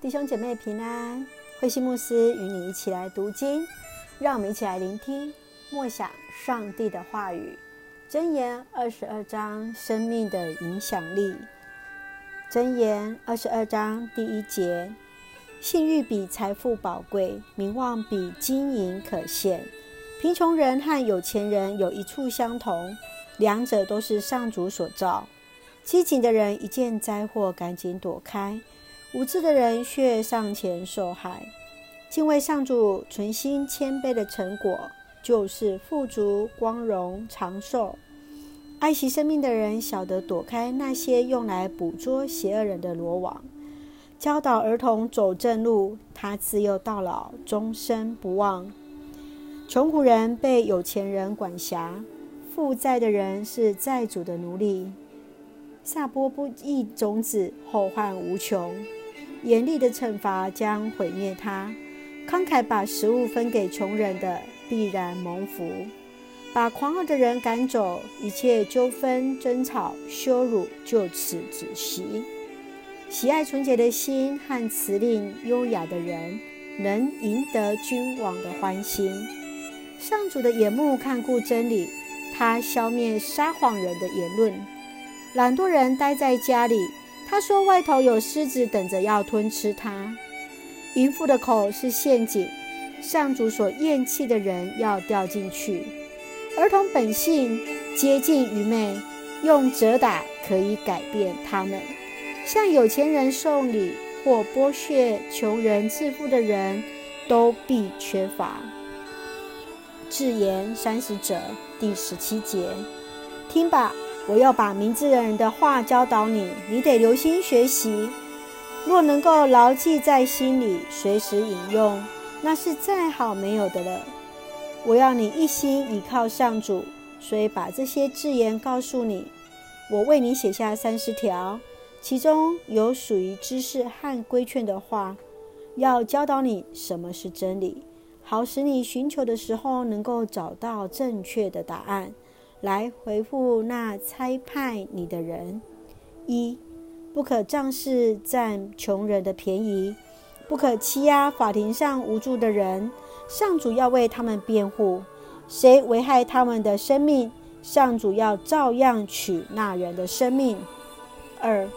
弟兄姐妹平安，慧馨牧師與你一起來讀經，讓我們一起來聆聽默想上帝的話語。箴言二十二章，生命的影響力。箴言二十二章第一節：信譽比財富寶貴，名望比金銀可羨，貧窮人和有錢人有一處相同，兩者都是上主所造。機警的人一見災禍，趕緊躲開，無知的人卻上前受害，敬畏上主、存心謙卑的成果，就是富足、光榮、長壽。愛惜生命的人曉得躲開那些用來捕捉邪惡人的羅網，教導兒童走正路，他自幼到老，終生不忘。窮苦人被有錢人管轄，負債的人是債主的奴隸，撒播不義種子，後患無窮。嚴厲的懲罰將毀滅他，慷慨，把食物分給窮人的，必然蒙福，把狂傲的人趕走，一切糾紛、爭吵、羞辱就此止息。喜愛純潔的心和詞令優雅的人，能贏得君王的歡心。上主的眼目看顧真理，他消滅撒謊人的言論。懶惰人待在家裡。他說：“外頭有獅子等着要吞吃他，淫婦的口是陷阱，上主所厭棄的人要掉進去。兒童本性接近愚昧，用責打可以改變他們。向有錢人送禮或剝削窮人致富的人，都必缺乏。”智言三十者第十七節，聽吧。我要把明智的人的話教導你，你得留心學習。若能夠牢記在心裡，隨時引用，那是再好沒有的了。我要你一心倚靠上主，所以把這些智言告訴你。我為你寫下三十條，其中有屬於知識和規勸的話，要教導你什麼是真理，好使你尋求的時候能夠找到正確的答案。來回復那差派你的人：一，不可仗勢佔窮人的便宜，不可欺壓法庭上無助的人。上主要為他們辯護。誰危害他們的生命，上主要照樣取那人的生命。二，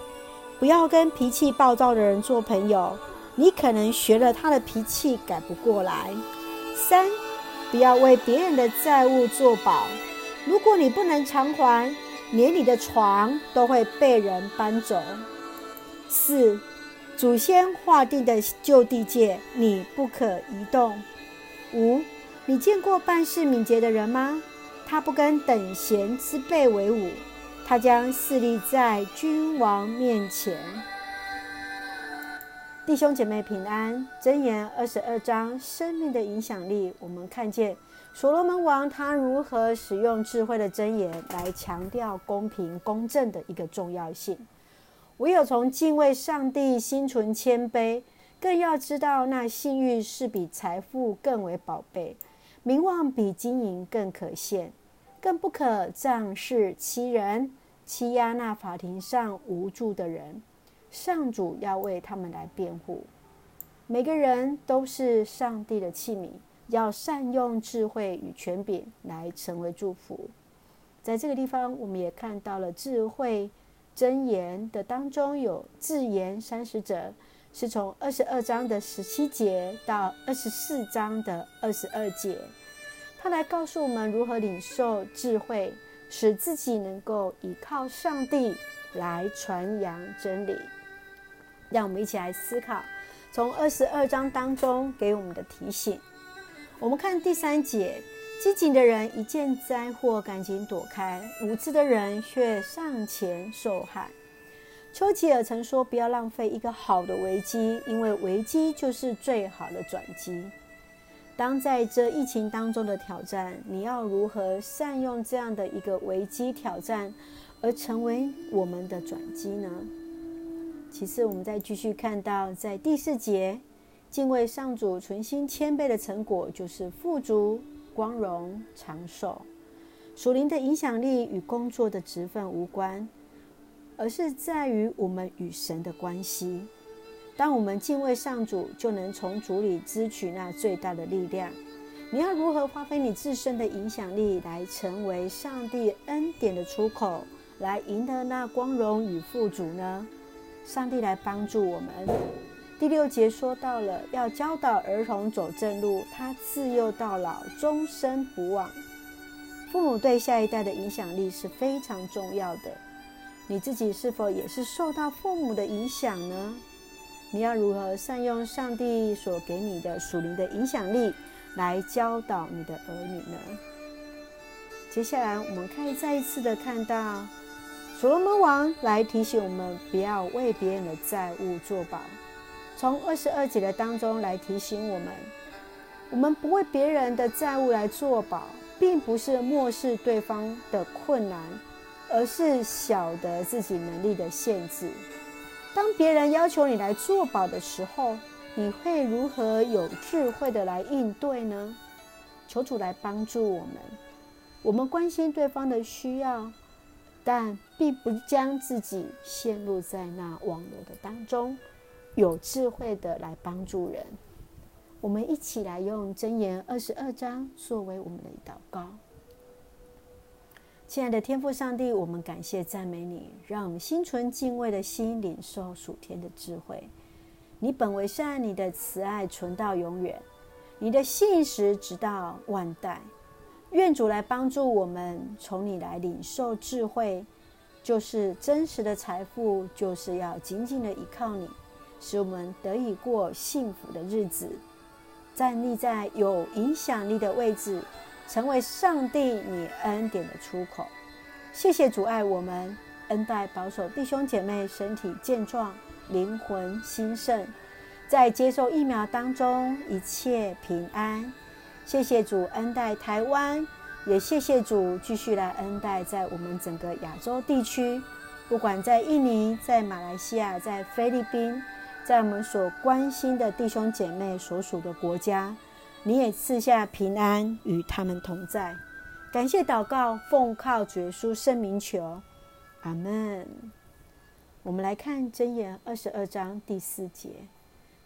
不要跟脾氣暴躁的人做朋友，你可能學了他的脾氣改不過來。三，不要為別人的債務做保。如果你不能償還，連你的床都會被人搬走。四，祖先劃定的舊地界，你不可移動。五，你見過辦事敏捷的人嗎？他不跟等閒之輩為伍，他將侍立在君王面前。弟兄姐妹平安。箴言二十二章生命的影響力，我們看見。所羅門王他如何使用智慧的箴言來強調公平公正的一個重要性，唯有從敬畏上帝、心存謙卑，更要知道那信譽是比財富更為寶貝，名望比金銀更可羨，更不可仗勢欺人、欺壓那法庭上無助的人。上主要為他們來辯護，每個人都是上帝的器皿，要善用智慧與權柄來成為祝福，在這個地方，我們也看到了智慧箴言的當中有智言三十則，是從二十二章的十七節到二十四章的二十二節，他來告訴我們如何領受智慧，使自己能夠倚靠上帝來傳揚真理。讓我們一起來思考從二十二章當中給我們的提醒。我們看第三節，機警的人一見災禍趕緊躲開，無知的人卻上前受害。丘吉爾曾說：“不要浪費一個好的危機，因為危機就是最好的轉機。”當在這疫情當中的挑戰，你要如何善用這樣的一個危機挑戰，而成為我們的轉機呢？其次，我們再繼續看到在第四節。敬畏上主，存心謙卑的成果，就是富足、光榮、長壽。屬靈的影響力與工作的職分無關，而是在於我們與神的關係。當我們敬畏上主，就能從主裡支取那最大的力量。你要如何發揮你自身的影響力，來成為上帝恩典的出口，來贏得那光榮與富足呢？上帝來幫助我們。第六節說到了要教導兒童走正路，他自幼到老，終身不忘。父母對下一代的影響力是非常重要的。你自己是否也是受到父母的影響呢？你要如何善用上帝所給你的屬靈的影響力，來教導你的兒女呢？接下來我們可以再一次的看到，所羅門王來提醒我們，不要為別人的債務作保。從二十二節的當中來提醒我們，我們不為別人的債務來作保，並不是漠視對方的困難，而是曉得自己能力的限制。當別人要求你來作保的時候，你會如何有智慧的來應對呢？求主來幫助我們。我們關心對方的需要，但並不將自己陷入在那網絡的當中。有智慧的來幫助人，我們一起來用箴言二十二章作為我們的禱告。親愛的天父上帝，我們感謝讚美你，讓我們心存敬畏的心領受屬天的智慧。你本為善，你的慈愛存到永遠，你的信實直到萬代。願主來幫助我們，從你來領受智慧，就是真實的財富，就是要緊緊的依靠你。使我們得以過幸福的日子，站立在有影響力的位置，成為上帝你恩典的出口。謝謝主愛我們，恩待保守弟兄姐妹身體健壯、靈魂興盛，在接受疫苗當中一切平安。謝謝主恩待台灣，也謝謝主繼續來恩待在我們整個亞洲地區，不管在印尼、在馬來西亞、在菲律賓。在我們所關心的弟兄姐妹所屬的國家，你也賜下平安與他們同在。感謝禱告，奉靠主耶穌聖名求，阿門。我們來看箴言二十二章第四節：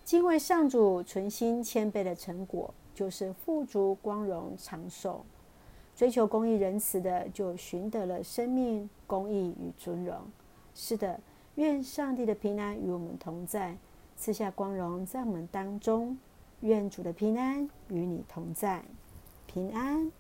敬畏上主存心謙卑的成果，就是富足、光榮、長壽。追求公義仁慈的，就尋得了生命、公義與尊榮。是的。願上帝的平安與我們同在，賜下光榮在我們當中。願主的平安與你同在，平安。